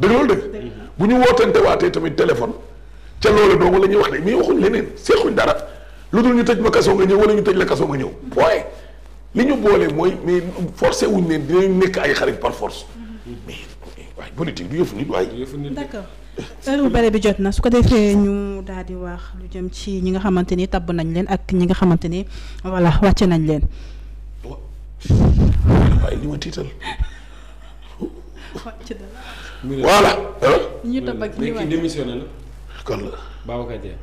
dëgg loolu dëgg bu ñu wootante waatee tamit téléphone ca loolu doomu la ñuy wax de mais waxuñ leneen seexuñ dara lu dul ñu tëj ma kaso nga ñëw wala ñu tëj la kaso nga ñëw waaye li ñu boole mooy mais forcé wuñ leen dinañ nekk ay xarit par force mais waaye politique du yëfu nit waaye. d'accord heure bare bi jot na su ko defee ñu daal di wax lu jëm ci ñi nga xamante ni tabb nañ leen ak ñi nga xamante ni voilà wàcce nañ leen. waaye li voilà. ñu tabak ñu wàññi démissionné kon la. Babacar Diagne.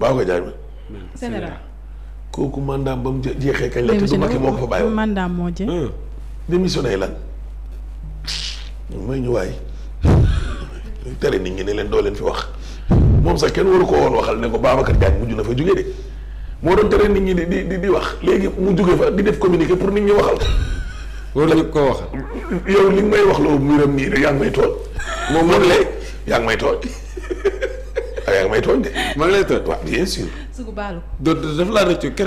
Babacar Diagne ma. général. kooku mandaam ba mu jeexee kañ la. te du Macky moo ko fa bàyyi woon mandaam moo jeex. démissionné lan. mooy ñu waay. tere nit ñi ne leen doo leen fi wax. moom sax kenn waru ko woon waxal ne ko Babacar Diagne mujj na fa jógee de. moo doon tere nit ñi di di di wax léegi mu jógee fa di def communiqué pour nit ñi waxal. waruñu ko wax. yow li may wax loo miiram miir yaa ngi may tooñ. moom moom lay yaa ngi may tooñ. Ah, yaa de. maa lay tooñ waaw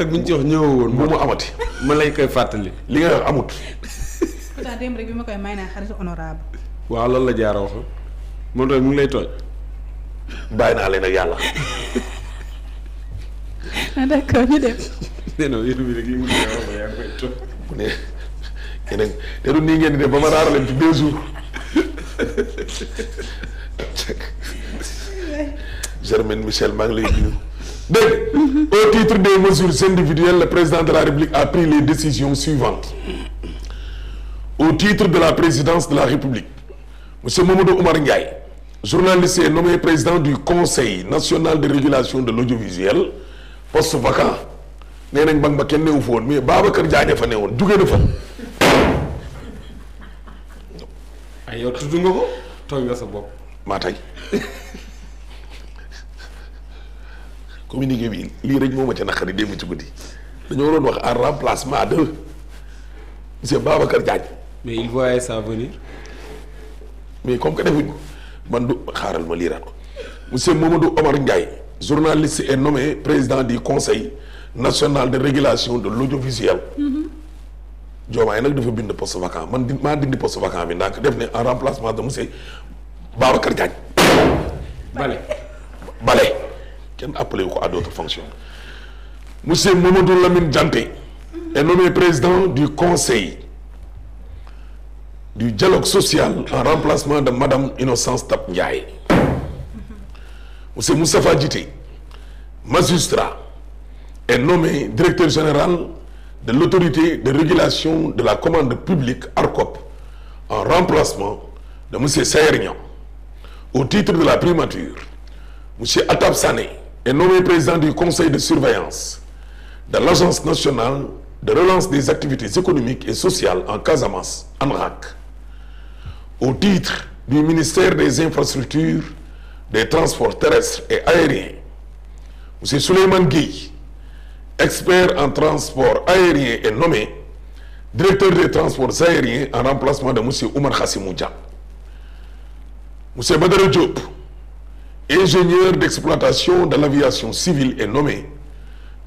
bien ko amati. ma lay koy fàttali. li nga wax amut. waaw loolu la jaara wax moom tamit mu ngi lay tooñ. bàyyi naa leen ak yàlla. ah d'accord ñu dem. nee na yéen a ngi lay wax yaa ngi may tooñ. yéen te du nii ngeen di def ba ma raara leen ci deux jours Germaine Michel maa ngi lay nuyu. dégg au titre des mesures individuelles le président de la République a pris les décisions suivantes au titre de la présidence de la République monsieur Mamadou Oumar Ndiaye journaliste est nommé président du conseil national de régulation de l'audiovisuel poste vacant nee nañ bang ba kenn newu fa woon mais Babacar Diagne fa ne woon jugee fa ay ah, yow tudd nga ko tooñ nga sa bopp. maa tey communiqué bii lii rek moo ma ca naqari démb ci guddi dañoo waroon wax en remplacement de monsieur Babacar Diagne. mais il voyait ça venir. mais comme que defuñ ko man du xaaral ma liiraat ko monsieur Mamadou Omar Ndiaye journaliste est nommé président du conseil national de régulation de l'audiovisuel. Mm Diomaye nag dafa bind poste vacant man di maa dindi poste vacant bi ndànk def ne en remplacement de monsieur Babacar Diagne. Bale kenn appelé wu ko à d'autres fonctions monsieur Mamadou Lamine Dianté est nommé président du conseil du dialogue social en remplacement de madame Innocence Tap Ndiaye monsieur Moustapha Djité magistrat est nommé directeur général de l'autorité de régulation de la commande publique ARCOP en remplacement de M. Saernian. Au titre de la primature, M. Atab Sané est nommé président du conseil de surveillance de l'Agence nationale de relance des activités économiques et sociales en Casamance, ANRAC. Au titre du ministère des infrastructures, des transports terrestres et aériens, M. Souleymane Gueye expert en transport aérien est nommé directeur des transports aériens en remplacement de monsieur Oumar Khassimou Dia monsieur Badara Diop ingénieur d'exploitation de l'aviation civile est nommé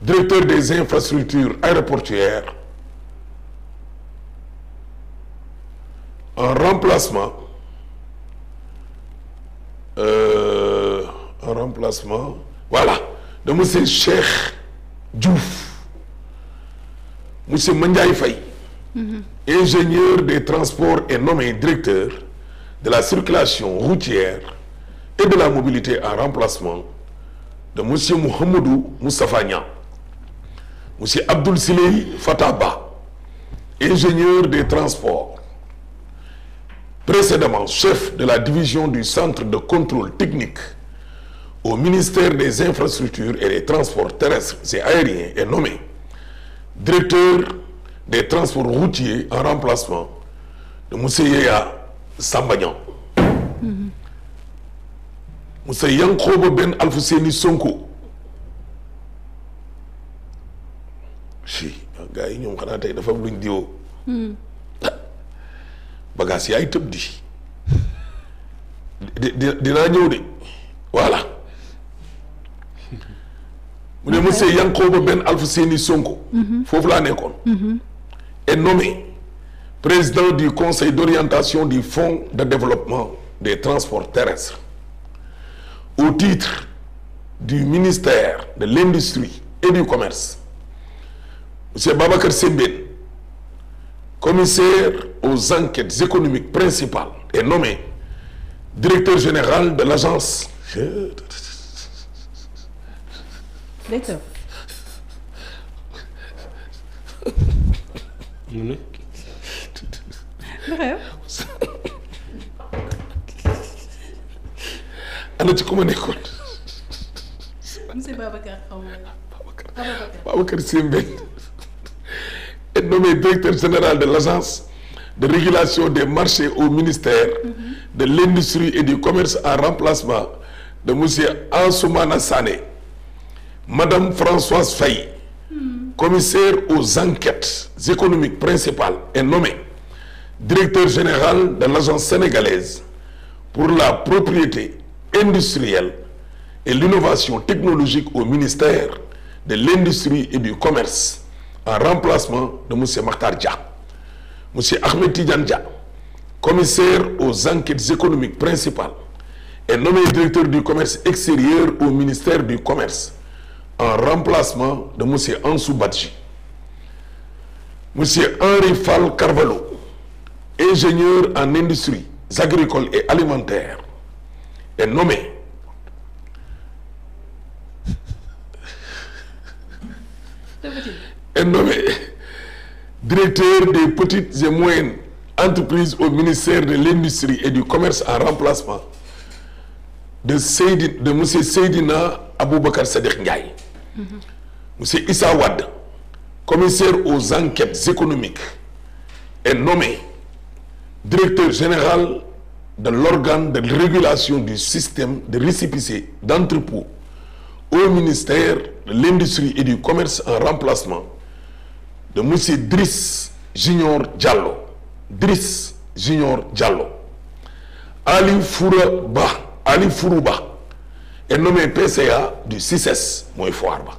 directeur des infrastructures aéroportuaires en remplacement euh, voilà de monsieur Cheikh Diouf monsieur Mandiaye Faye mm-hmm. ingénieur des transports et nommé directeurs de la circulation routière et de la mobilité en remplacement de monsieur Mouhamadou Moustapha Niang monsieur Abdoul Siley Fataba ingénieur des transports précédemment chef de la division du centre de contrôle technique au ministère des infrastructures et des transports terrestres et aériens est nommé directeur des transports routiers en remplacement de Moussa Yaya Samba Niang. Mm-hmm. Moussa benn Ben Alfousseni Sonko. si gars yi ñoom xanaa tey dafa am luñ diwoo. Mm-hmm. bagages yaay tëb di. di dinaa ñëw de voilà. conseil Yankhoba Ben Alfousseyni Sonko. Mhm. foofu laa nekkoon. Mhm. est nommé président du conseil d'orientation du fonds de développement des transports terrestres au titre du ministère de l'industrie et du commerce monsieur Babacar Sembène commissaire aux enquêtes économiques principales est nommé directeur général de l'agence. D'accord. mu ci ku ma nekkoon. monsieur Babacar xaw ma. directeur général de l' agence de régulation des marchés au ministère. Mm-hmm. de l' et du commerce en remplacement de monsieur Ansoumana Sané madame Françoise Faye. commissaire aux enquêtes économiques principales est nommé directeur général de l'agence sénégalaise pour la propriété industrielle et l'innovation technologique au ministère de l'industrie et du commerce en remplacement de monsieur Makhtar Dia monsieur Ahmed Tidiane Dia commissaire aux enquêtes économiques principales est nommé directeur du commerce extérieur au ministère du commerce en remplacement de monsieur Ansou Badji monsieur Henri Fall Carvalho ingénieur en industries agricoles et alimentaires est nommé est nommé directeur des petites et moyennes entreprises au ministère de l'industrie et du commerce en remplacement de Seydi de monsieur Seydina Aboubacar Sadikh Ndiaye monsieur Issa Wade commissaire aux enquêtes économiques est nommé directeur général de l'organe de régulation du système de récépissé d'entrepôt au ministère de l'Industrie et du Commerce en remplacement de monsieur Driss Junior Diallo Driss Junior Diallo Ali Fourouba est nommé PCA du CICES mooy foire ba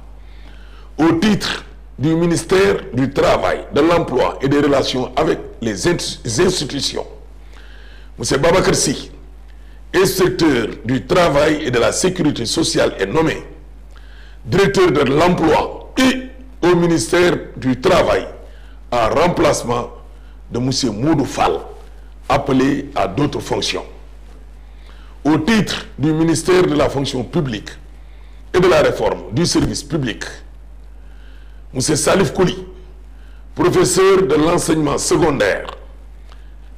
au titre du ministère du travail de l'emploi et des relations avec les institutions monsieur Babacar Sy inspecteur du travail et de la sécurité sociale est nommé directeur de l'emploi et au ministère du travail en remplacement de monsieur Modou Fall appelé à d'autres fonctions au titre du ministère de la fonction publique et de la réforme du service public, M. Salif Kouli, professeur de l'enseignement secondaire,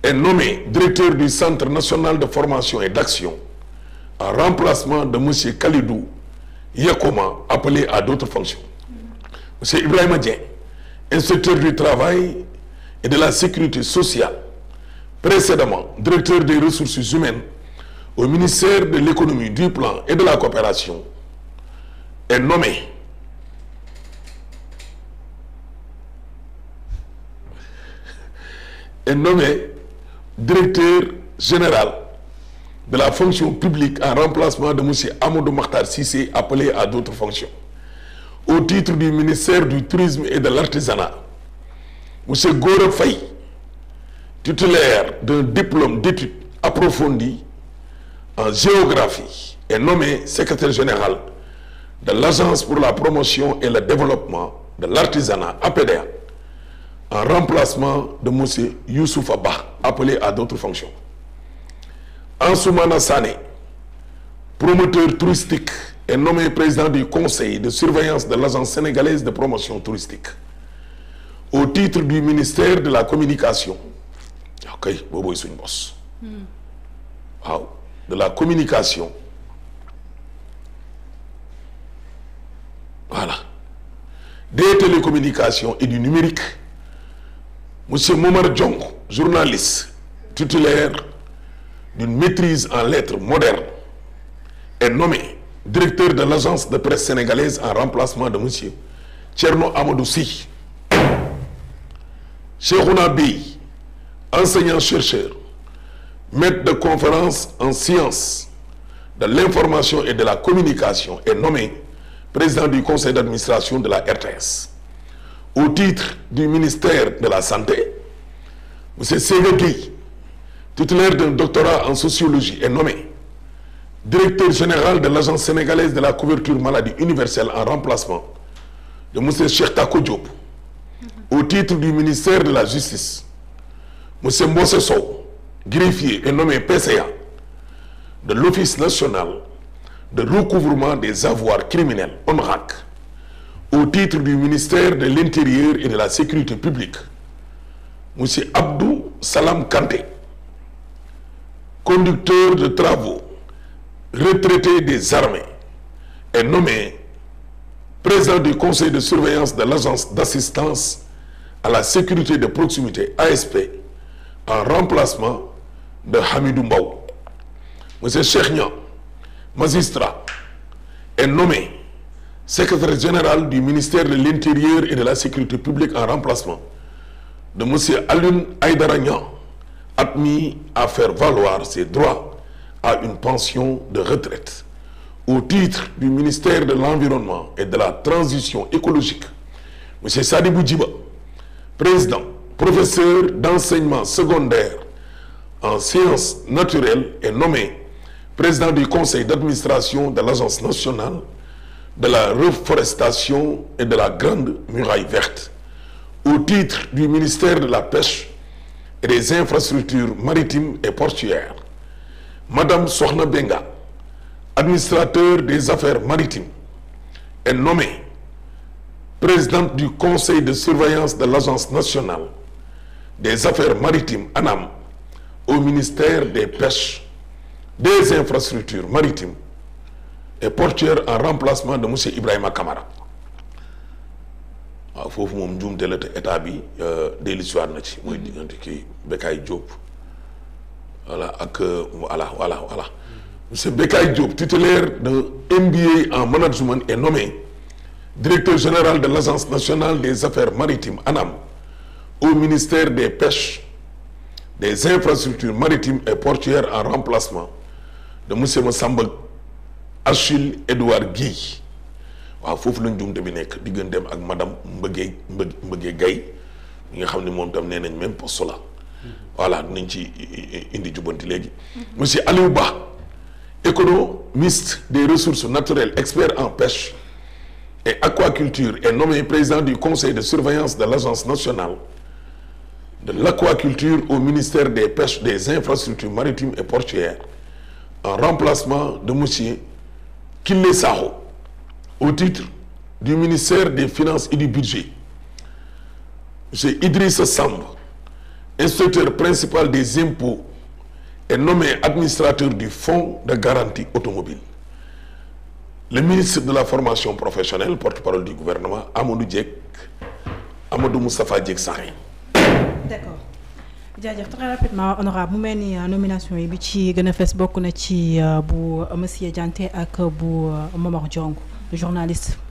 est nommé directeur du Centre national de formation et d'action à remplacement de M. Khalidou Yakoma, appelé à d'autres fonctions. M. Ibrahim Adien, inspecteur du travail et de la sécurité sociale, précédemment directeur des ressources humaines au ministère de l'économie, du plan et de la coopération est nommé est nommé directeur général de la fonction publique en remplacement de monsieur Amadou Makhtar Cissé appelé à d'autres fonctions au titre du ministère du tourisme et de l'artisanat monsieur Gora Faye titulaire d'un diplôme d'études approfondies en géographie est nommé secrétaire général de l'Agence pour la promotion et le développement de l'artisanat, APDA, en remplacement de Monsieur Youssouf Abba, appelé à d'autres fonctions. Ansoumana Sané, promoteur touristique, est nommé président du conseil de surveillance de l'Agence sénégalaise de promotion touristique. Au titre du ministère de la communication. Ok, boobu mooy suñu boss. Hmm. waaw. de la communication voilà des télécommunications et du numérique monsieur Momar Diong journaliste titulaire d'une maîtrise en lettres modernes est nommé directeur de l'agence de presse sénégalaise en remplacement de monsieur Thierno Amadou Sy Cheikhouna Bey chercheur maitre de conférence en sciences de l'information et de la communication, est nommé président du conseil d'administration de la RTS. Au titre du ministère de la Santé, M. Seguegui, titulaire d'un doctorat en sociologie, est nommé directeur général de l'Agence sénégalaise de la couverture maladie universelle en remplacement de M. Cheikh Tako Diop. Au titre du ministère de la Justice, M. Mbosse Sow, greffier est nommé PCA de l'Office national de recouvrement des avoirs criminels, ONRAC, au titre du ministère de l'Intérieur et de la Sécurité publique, M. Abdou Salam Kanté, conducteur de travaux, retraité des armées, est nommé président du conseil de surveillance de l'agence d'assistance à la sécurité de proximité ASP en remplacement de Hamidou Mbaw monsieur Cheikh Niang magistrat est nommé secrétaire général du ministère de l'intérieur et de la sécurité publique en remplacement de monsieur Alioune Aïdara Niang admis à faire valoir ses droits à une pension de retraite au titre du ministère de l'environnement et de la transition écologique monsieur Sadibou Djiba président professeur d'enseignement secondaire en sciences naturelles est nommé président du conseil d'administration de l'Agence nationale de la reforestation et de la Grande Muraille verte au titre du ministère de la Pêche et des infrastructures maritimes et portuaires. Madame Sokhna Benga, administrateur des affaires maritimes, est nommée présidente du conseil de surveillance de l'Agence nationale des affaires maritimes ANAM au ministère des pêches des infrastructures maritime et portuaires en remplacement de monsieur Ibrahima Kamara waaw foofu moom njuumte la te état bi euh, dellusiwaat na ci mooy diggante kii Bekaay Diop voilà ak euh, voilà voilà voilà monsieur Bekaay Diop titulaire de MBA en management est nommé directeur général de l'agence nationale des affaires maritimes ANAM au ministère des pêches des infrastructures maritimes et portuaires en remplacement de monsieur Massamba Achille Edouard Guèye waaw foofu lañ jumte bi nekk digganteem ak madame Mbëggee Mbëggee Gaye ñi nga xam ne moom tam nee nañ même poste la voilà dinañ ci indi jubanti léegi monsieur Aliou Ba économiste des ressources naturelles expert en pêche et aquaculture est nommé président du conseil de surveillance de l'agence nationale de l'aquaculture au ministère des Pêches, des Infrastructures maritimes et portuaires, en remplacement de M. Kille Saho, au titre du ministère des Finances et du Budget. M. Idriss Samb, inspecteur principal des impôts, est nommé administrateur du Fonds de garantie automobile. Le ministre de la formation professionnelle, porte-parole du gouvernement, Amadou Djek, Amadou Moustapha Djek Sahin, d'accord très rapidement honorable mu mel ni euh, nomination yi bi ci gën a bokk na ci euh, bu euh, monsieur Dianté ak bu Momar Diong journaliste